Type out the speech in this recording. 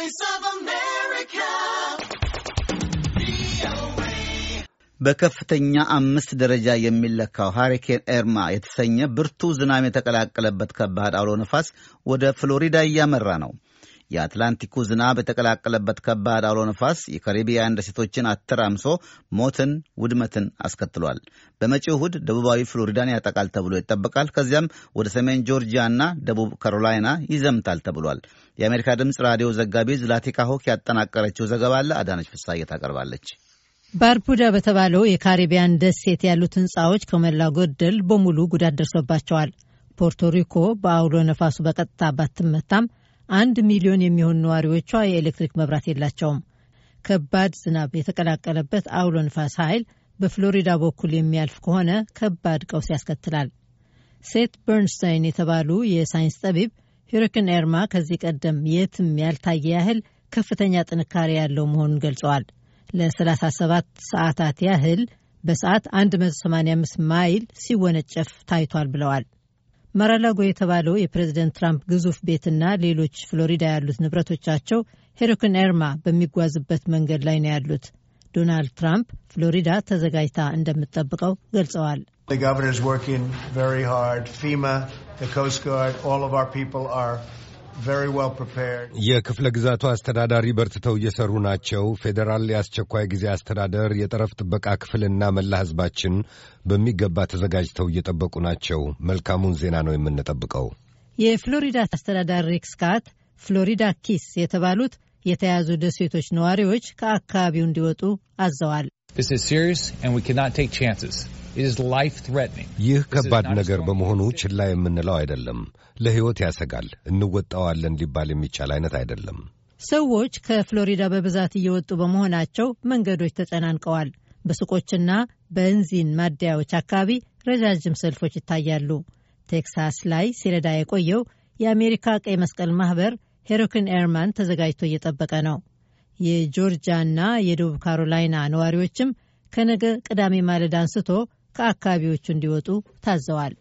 Voice of America. በከፍተኛ አምስት ደረጃ የሚለካው ሃሪኬን ኤርማ የተሰኘ ብርቱ ዝናብ የተቀላቀለበት ከባድ አውሎ ነፋስ ወደ ፍሎሪዳ እያመራ ነው። የአትላንቲኩ ዝናብ የተቀላቀለበት ከባድ አውሎ ነፋስ የካሪቢያን ደሴቶችን አተራምሶ ሞትን፣ ውድመትን አስከትሏል። በመጪው እሁድ ደቡባዊ ፍሎሪዳን ያጠቃል ተብሎ ይጠበቃል። ከዚያም ወደ ሰሜን ጆርጂያና ደቡብ ካሮላይና ይዘምታል ተብሏል። የአሜሪካ ድምፅ ራዲዮ ዘጋቢ ዝላቲካ ሆክ ያጠናቀረችው ዘገባ አለ። አዳነች ፍሳዬ ታቀርባለች። ባርፑዳ በተባለው የካሪቢያን ደሴት ያሉት ሕንፃዎች ከሞላ ጎደል በሙሉ ጉዳት ደርሶባቸዋል። ፖርቶሪኮ በአውሎ ነፋሱ በቀጥታ ባትመታም አንድ ሚሊዮን የሚሆኑ ነዋሪዎቿ የኤሌክትሪክ መብራት የላቸውም። ከባድ ዝናብ የተቀላቀለበት አውሎ ንፋስ ኃይል በፍሎሪዳ በኩል የሚያልፍ ከሆነ ከባድ ቀውስ ያስከትላል። ሴት በርንስታይን የተባሉ የሳይንስ ጠቢብ ሂሪክን ኤርማ ከዚህ ቀደም የትም ያልታየ ያህል ከፍተኛ ጥንካሬ ያለው መሆኑን ገልጸዋል። ለ37 ሰዓታት ያህል በሰዓት 185 ማይል ሲወነጨፍ ታይቷል ብለዋል። ማራላጎ የተባለው የፕሬዚደንት ትራምፕ ግዙፍ ቤትና ሌሎች ፍሎሪዳ ያሉት ንብረቶቻቸው ሄሪክን ኤርማ በሚጓዝበት መንገድ ላይ ነው ያሉት። ዶናልድ ትራምፕ ፍሎሪዳ ተዘጋጅታ እንደምትጠብቀው ገልጸዋል። የክፍለ ግዛቱ አስተዳዳሪ በርትተው እየሰሩ ናቸው። ፌዴራል የአስቸኳይ ጊዜ አስተዳደር፣ የጠረፍ ጥበቃ ክፍልና መላ ሕዝባችን በሚገባ ተዘጋጅተው እየጠበቁ ናቸው። መልካሙን ዜና ነው የምንጠብቀው። የፍሎሪዳ አስተዳዳሪ ሪክ ስካት ፍሎሪዳ ኪስ የተባሉት የተያዙ ደሴቶች ነዋሪዎች ከአካባቢው እንዲወጡ አዘዋል። ይህ ከባድ ነገር በመሆኑ ችላ የምንለው አይደለም። ለሕይወት ያሰጋል፣ እንወጣዋለን ሊባል የሚቻል አይነት አይደለም። ሰዎች ከፍሎሪዳ በብዛት እየወጡ በመሆናቸው መንገዶች ተጨናንቀዋል። በሱቆችና በእንዚን ማደያዎች አካባቢ ረዣዥም ሰልፎች ይታያሉ። ቴክሳስ ላይ ሲረዳ የቆየው የአሜሪካ ቀይ መስቀል ማኅበር ሄሮክን ኤርማን ተዘጋጅቶ እየጠበቀ ነው። የጆርጂያና የደቡብ ካሮላይና ነዋሪዎችም ከነገ ቅዳሜ ማለዳ አንስቶ ከአካባቢዎቹ እንዲወጡ ታዘዋል።